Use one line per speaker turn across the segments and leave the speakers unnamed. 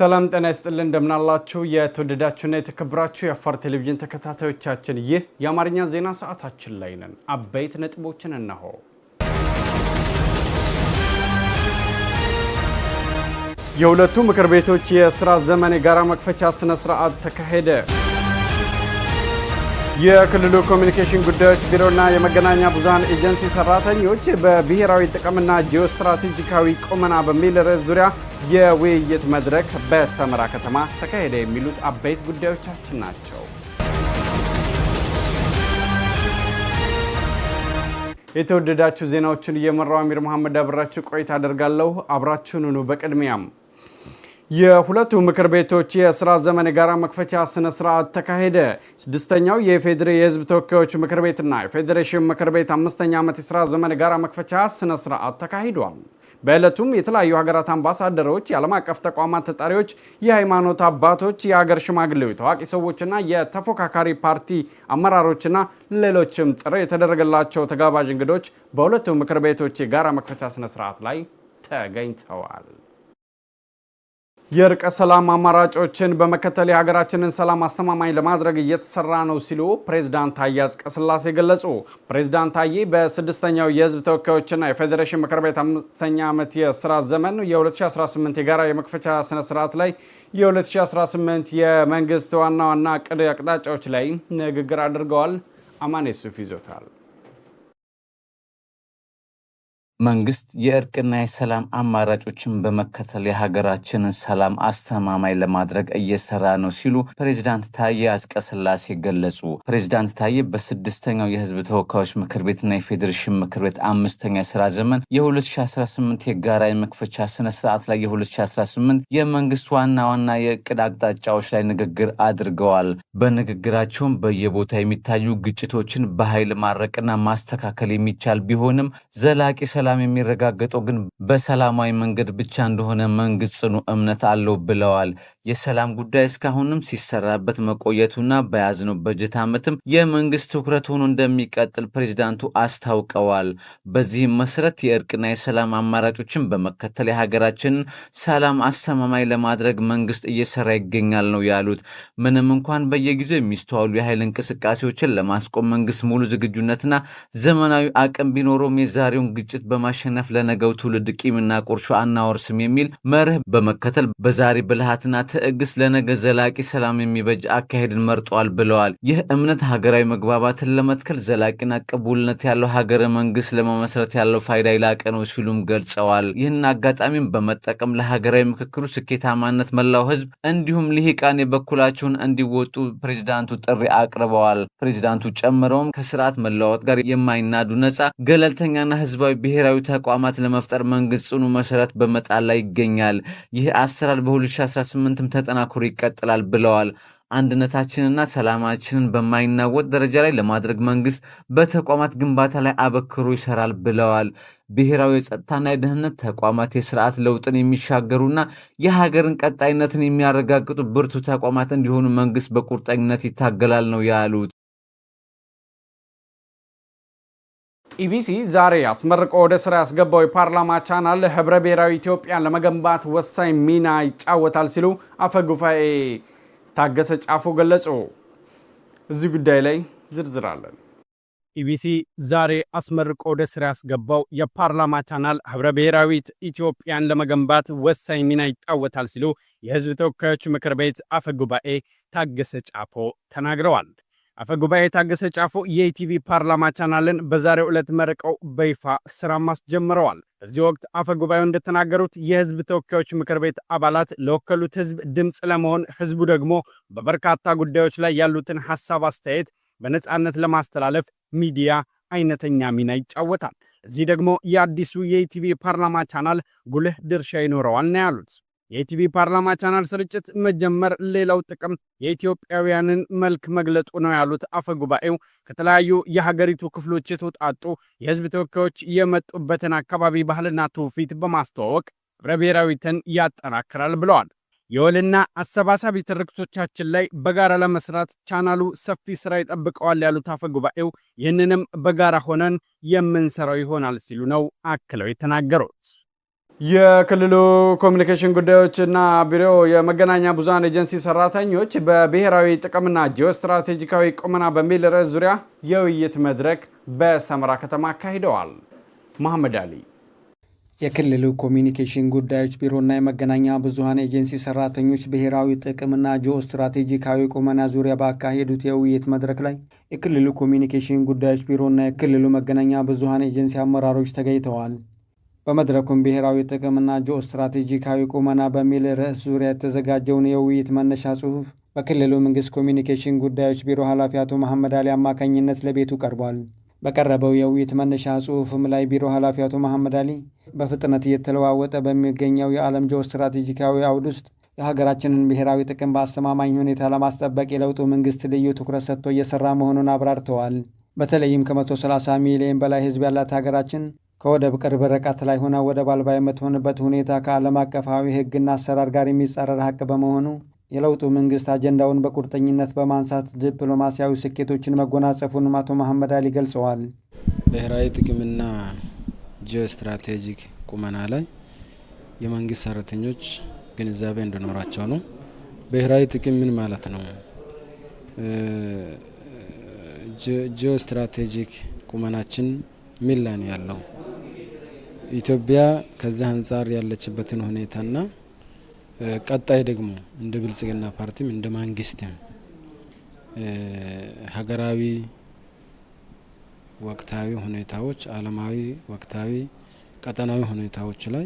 ሰላም ጤና ይስጥልን እንደምናላችሁ የተወደዳችሁና የተከብራችሁ የአፋር ቴሌቪዥን ተከታታዮቻችን፣ ይህ የአማርኛ ዜና ሰዓታችን ላይ ነን። አበይት ነጥቦችን እነሆ። የሁለቱ ምክር ቤቶች የስራ ዘመን የጋራ መክፈቻ ስነ ስርዓት ተካሄደ። የክልሉ ኮሚኒኬሽን ጉዳዮች ቢሮና የመገናኛ ብዙሃን ኤጀንሲ ሰራተኞች በብሔራዊ ጥቅምና ጂኦስትራቴጂካዊ ቁመና በሚል ርዕስ ዙሪያ የውይይት መድረክ በሰመራ ከተማ ተካሄደ። የሚሉት አበይት ጉዳዮቻችን ናቸው። የተወደዳችሁ ዜናዎችን እየመራው አሚር መሐመድ አብራችሁ ቆይታ አደርጋለሁ። አብራችሁን ኑ። በቅድሚያም የሁለቱ ምክር ቤቶች የስራ ዘመን የጋራ መክፈቻ ስነ ስርዓት ተካሄደ። ስድስተኛው የኢፌዴሪ የህዝብ ተወካዮች ምክር ቤትና የፌዴሬሽን ምክር ቤት አምስተኛ ዓመት የስራ ዘመን የጋራ መክፈቻ ስነ ስርዓት ተካሂዷል። በዕለቱም የተለያዩ ሀገራት አምባሳደሮች፣ የዓለም አቀፍ ተቋማት ተጠሪዎች፣ የሃይማኖት አባቶች፣ የአገር ሽማግሌዎች፣ ታዋቂ ሰዎችና የተፎካካሪ ፓርቲ አመራሮችና ሌሎችም ጥሪ የተደረገላቸው ተጋባዥ እንግዶች በሁለቱ ምክር ቤቶች የጋራ መክፈቻ ስነ ስርዓት ላይ ተገኝተዋል። የእርቀ ሰላም አማራጮችን በመከተል የሀገራችንን ሰላም አስተማማኝ ለማድረግ እየተሰራ ነው ሲሉ ፕሬዝዳንት ታዬ አጽቀሥላሴ ገለጹ። ፕሬዚዳንት ታዬ በስድስተኛው የህዝብ ተወካዮችና የፌዴሬሽን ምክር ቤት አምስተኛ ዓመት የስራ ዘመን የ2018 የጋራ የመክፈቻ ስነስርዓት ላይ የ2018 የመንግስት ዋና ዋና ቅድ አቅጣጫዎች ላይ ንግግር አድርገዋል። አማኔ ሱፍ ይዞታል። መንግስት የእርቅና የሰላም አማራጮችን በመከተል የሀገራችንን ሰላም አስተማማኝ ለማድረግ እየሰራ ነው ሲሉ ፕሬዚዳንት ታዬ አጽቀሥላሴ ገለጹ። ፕሬዚዳንት ታዬ በስድስተኛው የህዝብ ተወካዮች ምክር ቤትና የፌዴሬሽን ምክር ቤት አምስተኛ የስራ ዘመን የ2018 የጋራ የመክፈቻ ስነ ስርዓት ላይ የ2018 የመንግስት ዋና ዋና የእቅድ አቅጣጫዎች ላይ ንግግር አድርገዋል። በንግግራቸውም በየቦታ የሚታዩ ግጭቶችን በኃይል ማድረቅና ማስተካከል የሚቻል ቢሆንም ዘላቂ ሰላም ሰላም የሚረጋገጠው ግን በሰላማዊ መንገድ ብቻ እንደሆነ መንግስት ጽኑ እምነት አለው ብለዋል። የሰላም ጉዳይ እስካሁንም ሲሰራበት መቆየቱና በያዝነው በጀት ዓመትም የመንግስት ትኩረት ሆኖ እንደሚቀጥል ፕሬዚዳንቱ አስታውቀዋል። በዚህም መሰረት የእርቅና የሰላም አማራጮችን በመከተል የሀገራችንን ሰላም አስተማማኝ ለማድረግ መንግስት እየሰራ ይገኛል ነው ያሉት። ምንም እንኳን በየጊዜው የሚስተዋሉ የኃይል እንቅስቃሴዎችን ለማስቆም መንግስት ሙሉ ዝግጁነትና ዘመናዊ አቅም ቢኖረውም የዛሬውን ግጭት በማሸነፍ ለነገው ትውልድ ቂምና ቁርሾ አናወርስም የሚል መርህ በመከተል በዛሬ ብልሃትና ትዕግስት ለነገ ዘላቂ ሰላም የሚበጅ አካሄድን መርጧል ብለዋል። ይህ እምነት ሀገራዊ መግባባትን ለመትከል ዘላቂና ቅቡልነት ያለው ሀገረ መንግስት ለመመስረት ያለው ፋይዳ ይላቀ ነው ሲሉም ገልጸዋል። ይህን አጋጣሚም በመጠቀም ለሀገራዊ ምክክሩ ስኬታማነት መላው ህዝብ እንዲሁም ልሂቃን የበኩላቸውን እንዲወጡ ፕሬዚዳንቱ ጥሪ አቅርበዋል። ፕሬዚዳንቱ ጨምረውም ከስርዓት መለዋወጥ ጋር የማይናዱ ነጻ ገለልተኛና ህዝባዊ ብሔራ ወታደራዊ ተቋማት ለመፍጠር መንግስት ጽኑ መሰረት በመጣል ላይ ይገኛል። ይህ አሰራር በ2018ም ተጠናክሮ ይቀጥላል ብለዋል። አንድነታችንና ሰላማችንን በማይናወጥ ደረጃ ላይ ለማድረግ መንግስት በተቋማት ግንባታ ላይ አበክሮ ይሰራል ብለዋል። ብሔራዊ የጸጥታና የደህንነት ተቋማት የስርዓት ለውጥን የሚሻገሩና የሀገርን ቀጣይነትን የሚያረጋግጡ ብርቱ ተቋማት እንዲሆኑ መንግስት በቁርጠኝነት ይታገላል ነው ያሉት። ኢቢሲ ዛሬ አስመርቆ ወደ ስራ ያስገባው የፓርላማ ቻናል ህብረ ብሔራዊ ኢትዮጵያን ለመገንባት ወሳኝ ሚና ይጫወታል ሲሉ አፈ ጉባኤ ታገሰ ጫፎ ገለጹ። እዚህ ጉዳይ ላይ ዝርዝር አለን። ኢቢሲ ዛሬ አስመርቆ ወደ ስራ ያስገባው የፓርላማ ቻናል ህብረ ብሔራዊት ኢትዮጵያን ለመገንባት ወሳኝ ሚና ይጫወታል ሲሉ የህዝብ ተወካዮች ምክር ቤት አፈ ጉባኤ ታገሰ ጫፎ ተናግረዋል። አፈጉባኤ የታገሰ ጫፎ የኢቲቪ ፓርላማ ቻናልን በዛሬው ዕለት መርቀው በይፋ ስራ ማስጀምረዋል። በዚህ ወቅት አፈጉባኤው እንደተናገሩት የህዝብ ተወካዮች ምክር ቤት አባላት ለወከሉት ህዝብ ድምፅ ለመሆን ህዝቡ ደግሞ በበርካታ ጉዳዮች ላይ ያሉትን ሀሳብ፣ አስተያየት በነፃነት ለማስተላለፍ ሚዲያ አይነተኛ ሚና ይጫወታል። እዚህ ደግሞ የአዲሱ የኢቲቪ ፓርላማ ቻናል ጉልህ ድርሻ ይኖረዋል ነው ያሉት። የኢቲቪ ፓርላማ ቻናል ስርጭት መጀመር ሌላው ጥቅም የኢትዮጵያውያንን መልክ መግለጡ ነው ያሉት አፈ ጉባኤው ከተለያዩ የሀገሪቱ ክፍሎች የተውጣጡ የህዝብ ተወካዮች የመጡበትን አካባቢ ባህልና ትውፊት በማስተዋወቅ ህብረ ብሔራዊትን ያጠናክራል ብለዋል። የወልና አሰባሳቢ ትርክቶቻችን ላይ በጋራ ለመስራት ቻናሉ ሰፊ ስራ ይጠብቀዋል ያሉት አፈ ጉባኤው ይህንንም በጋራ ሆነን የምንሰራው ይሆናል ሲሉ ነው አክለው የተናገሩት። የክልሉ ኮሚኒኬሽን ጉዳዮች እና ቢሮ የመገናኛ ብዙሃን ኤጀንሲ ሰራተኞች በብሔራዊ ጥቅምና ጂኦ ስትራቴጂካዊ ቁመና በሚል ርዕስ ዙሪያ የውይይት መድረክ በሰመራ ከተማ አካሂደዋል። መሐመድ አሊ የክልሉ ኮሚኒኬሽን ጉዳዮች ቢሮና የመገናኛ ብዙሃን ኤጀንሲ ሰራተኞች ብሔራዊ ጥቅምና ጂኦ ስትራቴጂካዊ ቁመና ዙሪያ ባካሄዱት የውይይት መድረክ ላይ የክልሉ ኮሚኒኬሽን ጉዳዮች ቢሮና የክልሉ መገናኛ ብዙሃን ኤጀንሲ አመራሮች ተገኝተዋል። በመድረኩም ብሔራዊ ጥቅምና ጂኦ ስትራቴጂካዊ ቁመና በሚል ርዕስ ዙሪያ የተዘጋጀውን የውይይት መነሻ ጽሑፍ በክልሉ መንግስት ኮሚኒኬሽን ጉዳዮች ቢሮ ኃላፊ አቶ መሐመድ አሊ አማካኝነት ለቤቱ ቀርቧል። በቀረበው የውይይት መነሻ ጽሑፍም ላይ ቢሮ ኃላፊ አቶ መሐመድ አሊ በፍጥነት እየተለዋወጠ በሚገኘው የዓለም ጂኦ ስትራቴጂካዊ አውድ ውስጥ የሀገራችንን ብሔራዊ ጥቅም በአስተማማኝ ሁኔታ ለማስጠበቅ የለውጡ መንግስት ልዩ ትኩረት ሰጥቶ እየሰራ መሆኑን አብራርተዋል። በተለይም ከ130 ሚሊዮን በላይ ህዝብ ያላት ሀገራችን ከወደብ ቅርብ ርቀት ላይ ሆና ወደብ አልባ የምትሆንበት ሁኔታ ከዓለም አቀፋዊ ሕግና አሰራር ጋር የሚጻረር ሀቅ በመሆኑ የለውጡ መንግስት አጀንዳውን በቁርጠኝነት በማንሳት ዲፕሎማሲያዊ ስኬቶችን መጎናጸፉን አቶ መሐመድ አሊ ገልጸዋል።
ብሔራዊ ጥቅምና ጂኦ ስትራቴጂክ ቁመና ላይ የመንግስት ሰራተኞች ግንዛቤ እንዲኖራቸው ነው። ብሔራዊ ጥቅም ምን ማለት ነው? ጂኦ ስትራቴጂክ ቁመናችን ሚላን ያለው? ኢትዮጵያ ከዚህ አንጻር ያለችበትን ሁኔታና ቀጣይ ደግሞ እንደ ብልጽግና ፓርቲም እንደ መንግስትም ሀገራዊ ወቅታዊ ሁኔታዎች፣ አለማዊ ወቅታዊ፣ ቀጠናዊ ሁኔታዎች ላይ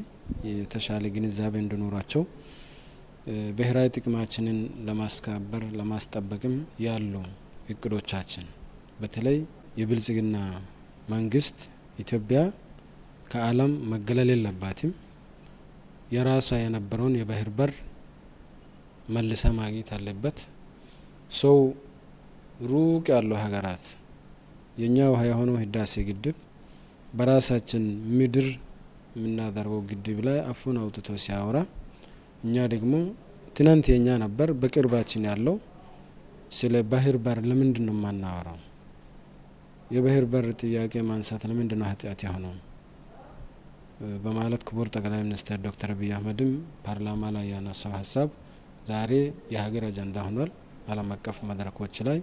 የተሻለ ግንዛቤ እንዲኖራቸው ብሔራዊ ጥቅማችንን ለማስከበር ለማስጠበቅም ያሉ እቅዶቻችን በተለይ የብልጽግና መንግስት ኢትዮጵያ ከዓለም መገለል የለባትም። የራሷ የነበረውን የባህር በር መልሰ ማግኘት አለበት። ሰው ሩቅ ያለው ሀገራት የእኛ ውሃ የሆነው ህዳሴ ግድብ በራሳችን ምድር የምናደርገው ግድብ ላይ አፉን አውጥቶ ሲያወራ እኛ ደግሞ ትናንት የኛ ነበር በቅርባችን ያለው ስለ ባህር በር ለምንድን ነው የማናወራው? የባህር በር ጥያቄ ማንሳት ለምንድን ነው ኃጢአት የሆነው? በማለት ክቡር ጠቅላይ ሚኒስትር ዶክተር አብይ አህመድም ፓርላማ ላይ ያነሳው ሀሳብ ዛሬ የሀገር አጀንዳ ሆኗል። ዓለም አቀፍ መድረኮች ላይ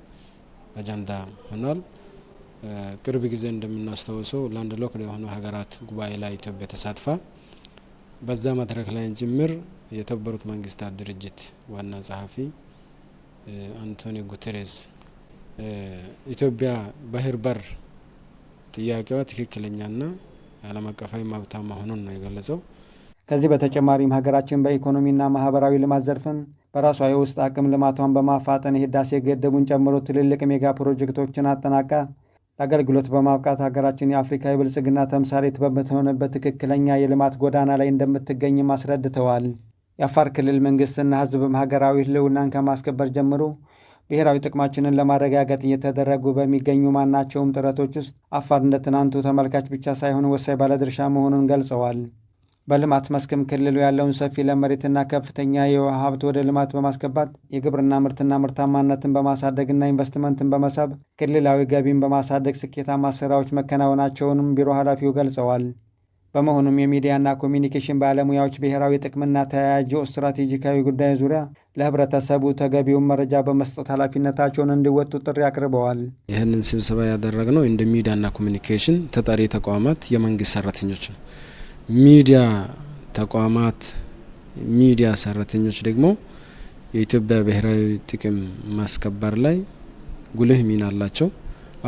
አጀንዳ ሆኗል። ቅርብ ጊዜ እንደምናስታውሰው ላንድ ሎክ የሆኑ ሀገራት ጉባኤ ላይ ኢትዮጵያ ተሳትፋ በዛ መድረክ ላይ ጭምር የተባበሩት መንግስታት ድርጅት ዋና ጸሐፊ አንቶኒ ጉተሬስ ኢትዮጵያ ባህር በር ጥያቄዋ ትክክለኛና ዓለም አቀፋዊ መብታ መሆኑን ነው የገለጸው። ከዚህ በተጨማሪም ሀገራችን በኢኮኖሚና ማህበራዊ ልማት ዘርፍም በራሷ የውስጥ አቅም ልማቷን በማፋጠን የህዳሴ ገደቡን ጨምሮ ትልልቅ ሜጋ ፕሮጀክቶችን አጠናቃ ለአገልግሎት በማብቃት ሀገራችን የአፍሪካ የብልጽግና ተምሳሌት በምትሆንበት ትክክለኛ የልማት ጎዳና ላይ እንደምትገኝም አስረድተዋል። የአፋር ክልል መንግስትና ህዝብም ሀገራዊ ህልውናን ከማስከበር ጀምሮ ብሔራዊ ጥቅማችንን ለማረጋገጥ እየተደረጉ በሚገኙ ማናቸውም ጥረቶች ውስጥ አፋር እንደ ትናንቱ ተመልካች ብቻ ሳይሆን ወሳኝ ባለድርሻ መሆኑን ገልጸዋል። በልማት መስክም ክልሉ ያለውን ሰፊ ለመሬትና ከፍተኛ የውሃ ሀብት ወደ ልማት በማስገባት የግብርና ምርትና ምርታማነትን በማሳደግና ኢንቨስትመንትን በመሳብ ክልላዊ ገቢን በማሳደግ ስኬታማ ስራዎች መከናወናቸውንም ቢሮ ኃላፊው ገልጸዋል። በመሆኑም የሚዲያና ኮሚኒኬሽን ባለሙያዎች ብሔራዊ ጥቅምና ተያያዥ ስትራቴጂካዊ ጉዳይ ዙሪያ ለህብረተሰቡ ተገቢውን መረጃ በመስጠት ኃላፊነታቸውን እንዲወጡ ጥሪ አቅርበዋል። ይህንን ስብሰባ ያደረግነው እንደ ሚዲያና ኮሚኒኬሽን ተጠሪ ተቋማት የመንግስት ሰራተኞች ነው። ሚዲያ ተቋማት ሚዲያ ሰራተኞች ደግሞ የኢትዮጵያ ብሔራዊ ጥቅም ማስከበር ላይ ጉልህ ሚና አላቸው።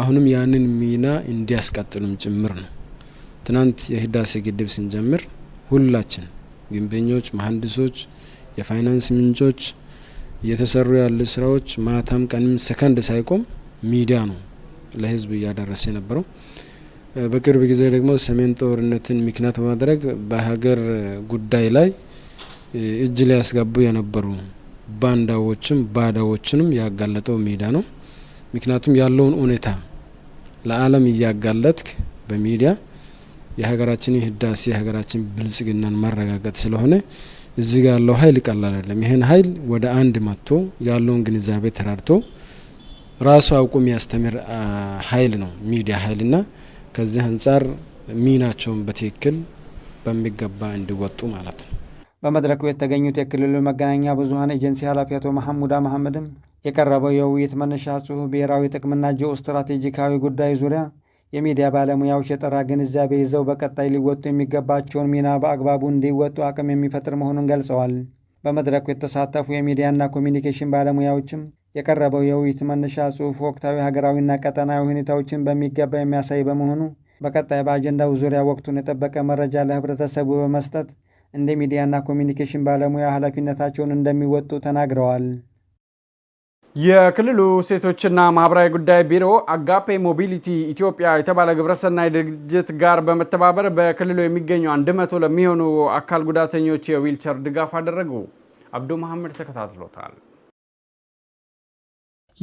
አሁንም ያንን ሚና እንዲያስቀጥሉም ጭምር ነው። ትናንት የህዳሴ ግድብ ስንጀምር ሁላችን ግንበኞች፣ መሀንዲሶች፣ የፋይናንስ ምንጮች እየተሰሩ ያሉ ስራዎች ማታም ቀንም ሰከንድ ሳይቆም ሚዲያ ነው ለህዝብ እያደረሰ የነበረው። በቅርብ ጊዜ ደግሞ ሰሜን ጦርነትን ምክንያት በማድረግ በሀገር ጉዳይ ላይ እጅ ሊያስገቡ የነበሩ ባንዳዎችም ባዳዎችንም ያጋለጠው ሚዲያ ነው። ምክንያቱም ያለውን ሁኔታ ለዓለም እያጋለጥክ በሚዲያ የሀገራችን ህዳሴ የሀገራችን ብልጽግናን ማረጋገጥ ስለሆነ እዚህ ጋር ያለው ሀይል ቀላል አይደለም። ይህን ሀይል ወደ አንድ መጥቶ ያለውን ግንዛቤ ተራድቶ ራሱ አውቆ የሚያስተምር ሀይል ነው ሚዲያ ና ከዚህ አንጻር ሚናቸውን በትክክል በሚገባ እንዲወጡ ማለት ነው። በመድረኩ የተገኙት የክልሉ መገናኛ ብዙሀን ኤጀንሲ ኃላፊ አቶ መሐሙዳ መሐመድም የቀረበው የውይይት መነሻ ጽሑፍ ብሔራዊ ጥቅምና ጂኦ ስትራቴጂካዊ ጉዳይ ዙሪያ የሚዲያ ባለሙያዎች የጠራ ግንዛቤ ይዘው በቀጣይ ሊወጡ የሚገባቸውን ሚና በአግባቡ እንዲወጡ አቅም የሚፈጥር መሆኑን ገልጸዋል። በመድረኩ የተሳተፉ የሚዲያና ኮሚኒኬሽን ባለሙያዎችም የቀረበው የውይይት መነሻ ጽሑፍ ወቅታዊ ሀገራዊና ቀጠናዊ ሁኔታዎችን በሚገባ የሚያሳይ በመሆኑ በቀጣይ በአጀንዳው ዙሪያ ወቅቱን የጠበቀ መረጃ ለህብረተሰቡ በመስጠት እንደ ሚዲያና ኮሚኒኬሽን ባለሙያ ኃላፊነታቸውን እንደሚወጡ ተናግረዋል።
የክልሉ ሴቶችና ማህበራዊ ጉዳይ ቢሮ አጋፔ ሞቢሊቲ ኢትዮጵያ የተባለ ግብረሰናይ ድርጅት ጋር በመተባበር በክልሉ የሚገኙ አንድ መቶ ለሚሆኑ አካል ጉዳተኞች የዊልቸር ድጋፍ አደረጉ። አብዱ መሐመድ ተከታትሎታል።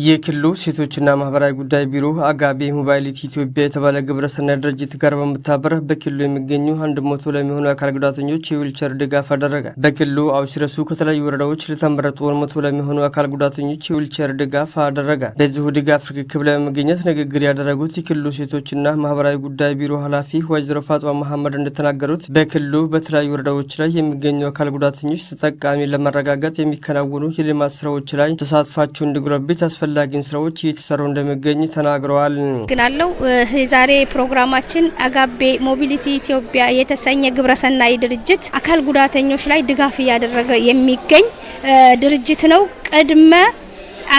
የክልሉ ሴቶችና ማህበራዊ ጉዳይ ቢሮ አጋቤ ሞባይሊቲ ኢትዮጵያ የተባለ ግብረሰናይ ድርጅት ጋር በመተባበር በክልሉ የሚገኙ አንድ መቶ ለሚሆኑ አካል ጉዳተኞች የዊልቸር ድጋፍ አደረገ። በክልሉ አውሲረሱ ከተለያዩ ወረዳዎች ለተመረጡ ወን መቶ ለሚሆኑ አካል ጉዳተኞች የዊልቸር ድጋፍ አደረገ። በዚሁ ድጋፍ ርክክብ ላይ በመገኘት ንግግር ያደረጉት የክልሉ ሴቶችና ማህበራዊ ጉዳይ ቢሮ ኃላፊ ወይዘሮ ፋጥማ መሐመድ እንደተናገሩት በክልሉ በተለያዩ ወረዳዎች ላይ የሚገኙ አካል ጉዳተኞች ተጠቃሚ ለማረጋገጥ የሚከናወኑ የልማት ስራዎች ላይ ተሳትፋቸው እንዲጎለብት አስፈላጊን ስራዎች እየተሰሩ እንደሚገኝ ተናግረዋል።
ግናለው የዛሬ ፕሮግራማችን አጋቤ ሞቢሊቲ ኢትዮጵያ የተሰኘ ግብረሰናይ ድርጅት አካል ጉዳተኞች ላይ ድጋፍ እያደረገ የሚገኝ ድርጅት ነው። ቅድመ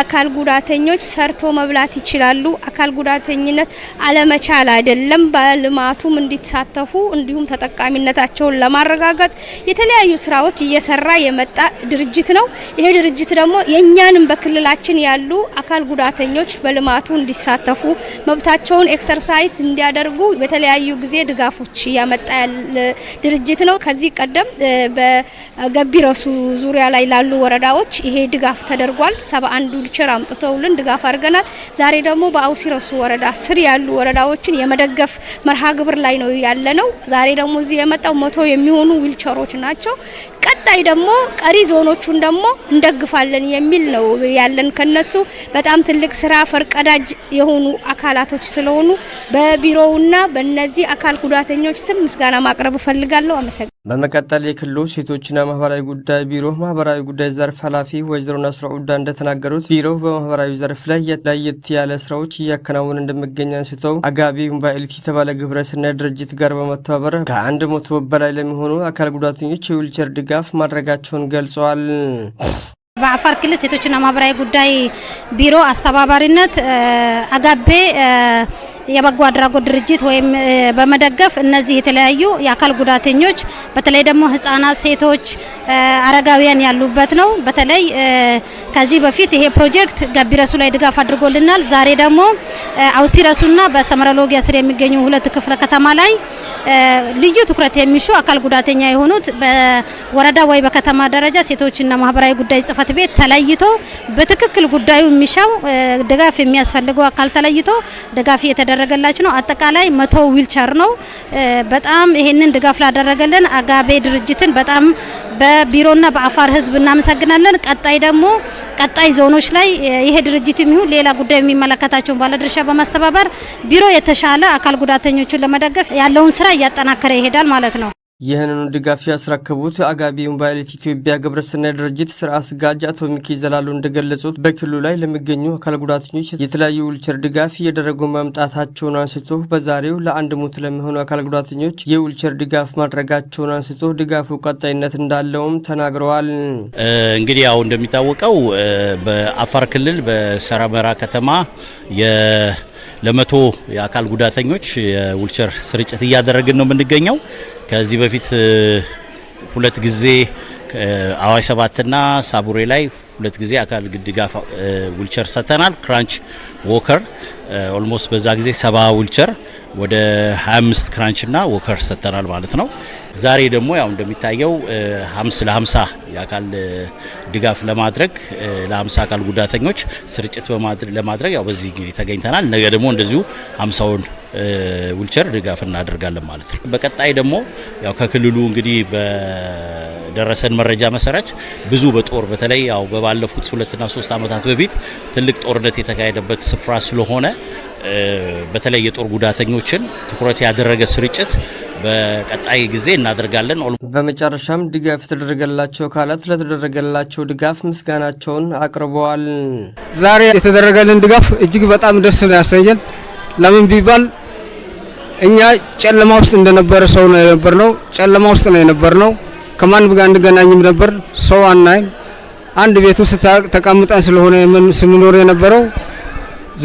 አካል ጉዳተኞች ሰርቶ መብላት ይችላሉ። አካል ጉዳተኝነት አለመቻል አይደለም። በልማቱም እንዲሳተፉ እንዲሁም ተጠቃሚነታቸውን ለማረጋገጥ የተለያዩ ስራዎች እየሰራ የመጣ ድርጅት ነው። ይሄ ድርጅት ደግሞ የእኛንም በክልላችን ያሉ አካል ጉዳተኞች በልማቱ እንዲሳተፉ መብታቸውን ኤክሰርሳይዝ እንዲያደርጉ በተለያዩ ጊዜ ድጋፎች እያመጣ ያለ ድርጅት ነው። ከዚህ ቀደም በገቢ ረሱ ዙሪያ ላይ ላሉ ወረዳዎች ይሄ ድጋፍ ተደርጓል። ሰባ አንዱ ዊልቸር አምጥተውልን ድጋፍ አድርገናል። ዛሬ ደግሞ በአውሲረሱ ወረዳ ስር ያሉ ወረዳዎችን የመደገፍ መርሃ ግብር ላይ ነው ያለ ነው። ዛሬ ደግሞ እዚህ የመጣው መቶ የሚሆኑ ዊልቸሮች ናቸው። ቀጣይ ደግሞ ቀሪ ዞኖቹን ደግሞ እንደግፋለን የሚል ነው ያለን። ከነሱ በጣም ትልቅ ስራ ፈርቀዳጅ የሆኑ አካላቶች ስለሆኑ በቢሮውና በነዚህ አካል ጉዳተኞች ስም ምስጋና ማቅረብ እፈልጋለሁ። አመሰግናለሁ።
በመቀጠል የክልሉ ሴቶችና ማህበራዊ ጉዳይ ቢሮ ማህበራዊ ጉዳይ ዘርፍ ኃላፊ ወይዘሮ ነስሮ ኡዳ እንደተናገሩት ቢሮ በማህበራዊ ዘርፍ ላይ ለየት ያለ ስራዎች እያከናወነ እንደሚገኝ አንስተው አጋቢ ባኤልቲ የተባለ ግብረሰናይ ድርጅት ጋር በመተባበር ከአንድ መቶ በላይ ለሚሆኑ አካል ጉዳተኞች የዊልቸር ድጋፍ ማድረጋቸውን ገልጸዋል።
በአፋር ክልል ሴቶችና ማህበራዊ ጉዳይ ቢሮ አስተባባሪነት አጋቤ የበጎ አድራጎት ድርጅት ወይም በመደገፍ እነዚህ የተለያዩ የአካል ጉዳተኞች በተለይ ደግሞ ህጻናት፣ ሴቶች፣ አረጋውያን ያሉበት ነው። በተለይ ከዚህ በፊት ይሄ ፕሮጀክት ገቢረሱ ላይ ድጋፍ አድርጎልናል። ዛሬ ደግሞ አውሲ ረሱና ስር የሚገኙ ሁለት ክፍለ ከተማ ላይ ልዩ ትኩረት የሚሹ አካል ጉዳተኛ የሆኑት በወረዳ ወይ በከተማ ደረጃ ሴቶችና ማህበራዊ ጉዳይ ጽህፈት ቤት ተለይቶ በትክክል ጉዳዩ የሚሻው ድጋፍ የሚያስፈልገው አካል ተለይቶ ድጋፍ እየተደረገ እየተደረገላችሁ ነው። አጠቃላይ መቶ ዊልቸር ነው። በጣም ይሄንን ድጋፍ ላደረገልን አጋቤ ድርጅትን በጣም በቢሮና በአፋር ህዝብ እናመሰግናለን። ቀጣይ ደግሞ ቀጣይ ዞኖች ላይ ይሄ ድርጅት ይሁን ሌላ ጉዳይ የሚመለከታቸውን ባለድርሻ በማስተባበር ቢሮ የተሻለ አካል ጉዳተኞችን ለመደገፍ ያለውን ስራ እያጠናከረ ይሄዳል ማለት ነው።
ይህንኑ ድጋፍ ያስረከቡት አጋቢ ሞባይል ኢትዮጵያ ግብረሰናይ ድርጅት ስራ አስጋጅ አቶ ሚኪ ዘላሉ እንደገለጹት በክልሉ ላይ ለሚገኙ አካል ጉዳተኞች የተለያዩ ዊልቸር ድጋፍ እየደረጉ መምጣታቸውን አንስቶ በዛሬው ለአንድ ሞት ለሚሆኑ አካል ጉዳተኞች የዊልቸር ድጋፍ ማድረጋቸውን አንስቶ ድጋፉ ቀጣይነት እንዳለውም ተናግረዋል።
እንግዲህ ያው እንደሚታወቀው በአፋር ክልል በሰረመራ ከተማ ለመቶ የአካል ጉዳተኞች የዊልቸር ስርጭት እያደረግን ነው የምንገኘው። ከዚህ በፊት ሁለት ጊዜ አዋሽ ሰባትና ሳቡሬ ላይ ሁለት ጊዜ አካል ድጋፍ ዊልቸር ሰጥተናል። ክራንች ዎከር ኦልሞስት በዛ ጊዜ ሰባ ዊልቸር ወደ 25 ክራንችና ዎከር ሰጥተናል ማለት ነው። ዛሬ ደግሞ ያው እንደሚታየው ለ50 የአካል ድጋፍ ለማድረግ ለ50 አካል ጉዳተኞች ስርጭት ለማድረግ ያው በዚህ ጊዜ ተገኝተናል። ነገ ደግሞ እንደዚሁ 50ውን ዊልቸር ድጋፍ እናደርጋለን ማለት ነው። በቀጣይ ደግሞ ያው ከክልሉ እንግዲህ በደረሰን መረጃ መሰረት ብዙ በጦር በተለይ ያው በባለፉት ሁለትና ሶስት ዓመታት በፊት ትልቅ ጦርነት የተካሄደበት ስፍራ ስለሆነ በተለይ የጦር ጉዳተኞችን ትኩረት ያደረገ ስርጭት በቀጣይ ጊዜ እናደርጋለን።
በመጨረሻም ድጋፍ የተደረገላቸው አካላት ለተደረገላቸው ድጋፍ ምስጋናቸውን አቅርበዋል። ዛሬ የተደረገልን ድጋፍ እጅግ በጣም ደስ ነው ያሰኘን። ለምን ቢባል እኛ ጨለማ ውስጥ እንደነበረ ሰው ነው የነበር ነው። ጨለማ ውስጥ ነው የነበር ነው። ከማንም ጋር እንገናኝም ነበር። ሰው አናይም። አንድ ቤት ውስጥ ተቀምጠን ስለሆነ ስንኖር የነበረው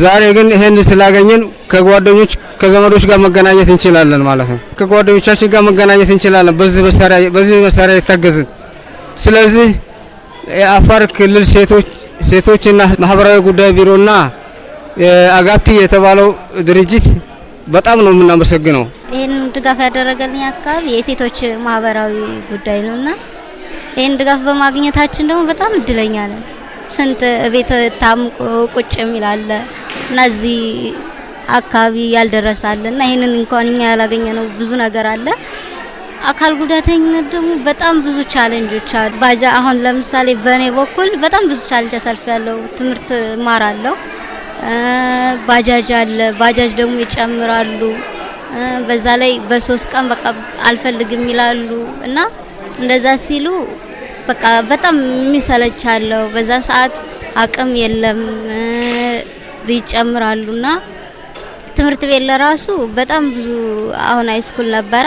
ዛሬ ግን ይህን ስላገኘን ከጓደኞች ከዘመዶች ጋር መገናኘት እንችላለን ማለት ነው። ከጓደኞቻችን ጋር መገናኘት እንችላለን በዚህ መሳሪያ የታገዝን። ስለዚህ የአፋር ክልል ሴቶች ሴቶችና ማህበራዊ ጉዳይ ቢሮና አጋፒ የተባለው ድርጅት በጣም ነው የምናመሰግነው።
ይህን ድጋፍ ያደረገልኝ አካባቢ የሴቶች ማህበራዊ ጉዳይ ነው እና ይህን ድጋፍ በማግኘታችን ደግሞ በጣም እድለኛ ነን። ስንት ቤት ታምቆ ቁጭ የሚላለ እና እዚህ አካባቢ ያልደረሳለ እና ይህንን እንኳን እኛ ያላገኘ ነው ብዙ ነገር አለ። አካል ጉዳተኝነት ደግሞ በጣም ብዙ ቻለንጆች አሉ። ባጃ አሁን ለምሳሌ በእኔ በኩል በጣም ብዙ ቻለንጅ አሳልፍ ያለው ትምህርት እማራለሁ ባጃጅ አለ። ባጃጅ ደግሞ ይጨምራሉ። በዛ ላይ በሶስት ቀን በቃ አልፈልግም ይላሉ እና እንደዛ ሲሉ በቃ በጣም የሚሰለቻለው በዛ ሰዓት አቅም የለም ይጨምራሉና ትምህርት ቤት ለራሱ በጣም ብዙ አሁን ሃይስኩል ነበረ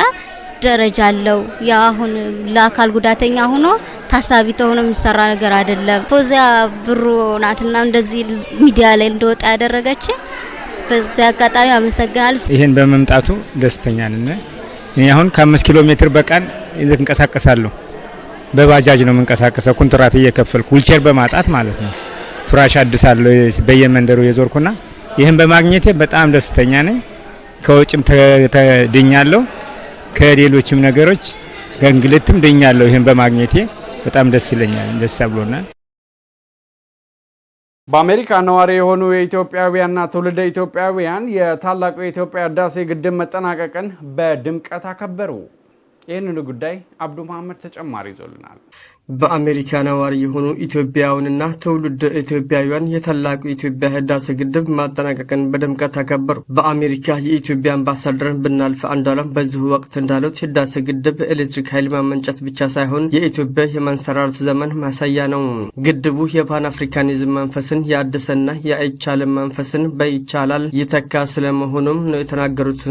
ደረጃ አለው። ያ አሁን ለአካል ጉዳተኛ ሆኖ ታሳቢ ተሆኖ የሚሰራ ነገር አይደለም። ፖዚያ ብሩ ናትና እንደዚህ ሚዲያ ላይ እንደወጣ ያደረገች በዚህ አጋጣሚ አመሰግናለሁ።
ይህን በመምጣቱ ደስተኛ ነን። እኔ አሁን ከአምስት ኪሎ ሜትር በቀን እንቀሳቀሳለሁ። በባጃጅ ነው የምንቀሳቀሰው፣ ኩንትራት እየከፈልኩ ዊልቸር በማጣት ማለት ነው። ፍራሽ አድሳለሁ በየመንደሩ የዞርኩና ይህን በማግኘቴ በጣም ደስተኛ ነኝ። ከውጭም ተድኛለሁ። ከሌሎችም ነገሮች ከእንግልትም ድኛለሁ። ይህን በማግኘቴ በጣም ደስ ይለኛል፣ ደስ ብሎናል። በአሜሪካ ነዋሪ የሆኑ የኢትዮጵያውያንና ትውልደ ኢትዮጵያውያን የታላቁ የኢትዮጵያ ህዳሴ ግድብ መጠናቀቅን በድምቀት አከበሩ። ይህንን ጉዳይ አብዱ መሐመድ ተጨማሪ ይዞልናል። በአሜሪካ ነዋሪ የሆኑ ኢትዮጵያውያንና ትውልድ ኢትዮጵያውያን የታላቁ የኢትዮጵያ ህዳሴ ግድብ ማጠናቀቅን በድምቀት አከበሩ። በአሜሪካ የኢትዮጵያ አምባሳደርን ብናልፍ አንዱዓለም በዚሁ ወቅት እንዳሉት ህዳሴ ግድብ ኤሌክትሪክ ኃይል ማመንጨት ብቻ ሳይሆን የኢትዮጵያ የማንሰራራት ዘመን ማሳያ ነው። ግድቡ የፓን አፍሪካኒዝም መንፈስን የአድሰና የአይቻልም መንፈስን በይቻላል ይተካ ስለመሆኑም ነው የተናገሩት።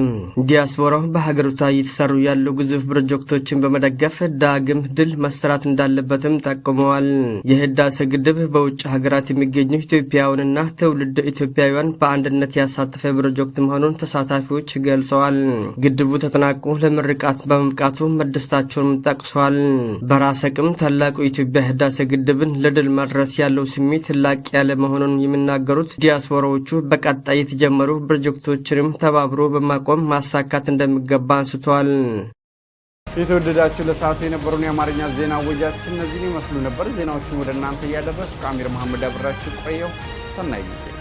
ዲያስፖራው በሀገሪቷ እየተሰሩ ያሉ ግዙፍ ፕሮጀክቶችን በመደገፍ ዳግም ድል መሰራት እንዳለ እንዳለበትም ጠቁመዋል። የህዳሴ ግድብ በውጭ ሀገራት የሚገኙ ኢትዮጵያውያንና ትውልድ ኢትዮጵያውያን በአንድነት ያሳተፈ ፕሮጀክት መሆኑን ተሳታፊዎች ገልጸዋል። ግድቡ ተጠናቆ ለምርቃት በመብቃቱ መደሰታቸውንም ጠቅሰዋል። በራስ አቅም ታላቁ የኢትዮጵያ ህዳሴ ግድብን ለድል ማድረስ ያለው ስሜት ላቅ ያለ መሆኑን የሚናገሩት ዲያስፖራዎቹ በቀጣይ የተጀመሩ ፕሮጀክቶችንም ተባብሮ በማቆም ማሳካት እንደሚገባ አንስተዋል። የተወደዳችሁ ለሰዓቱ የነበረውን የአማርኛ ዜና ወጃችን እነዚህን ይመስሉ ነበር። ዜናዎችን ወደ እናንተ እያደረስኩ አሚር መሐመድ አብራችሁ ቆየው። ሰናይ ጊዜ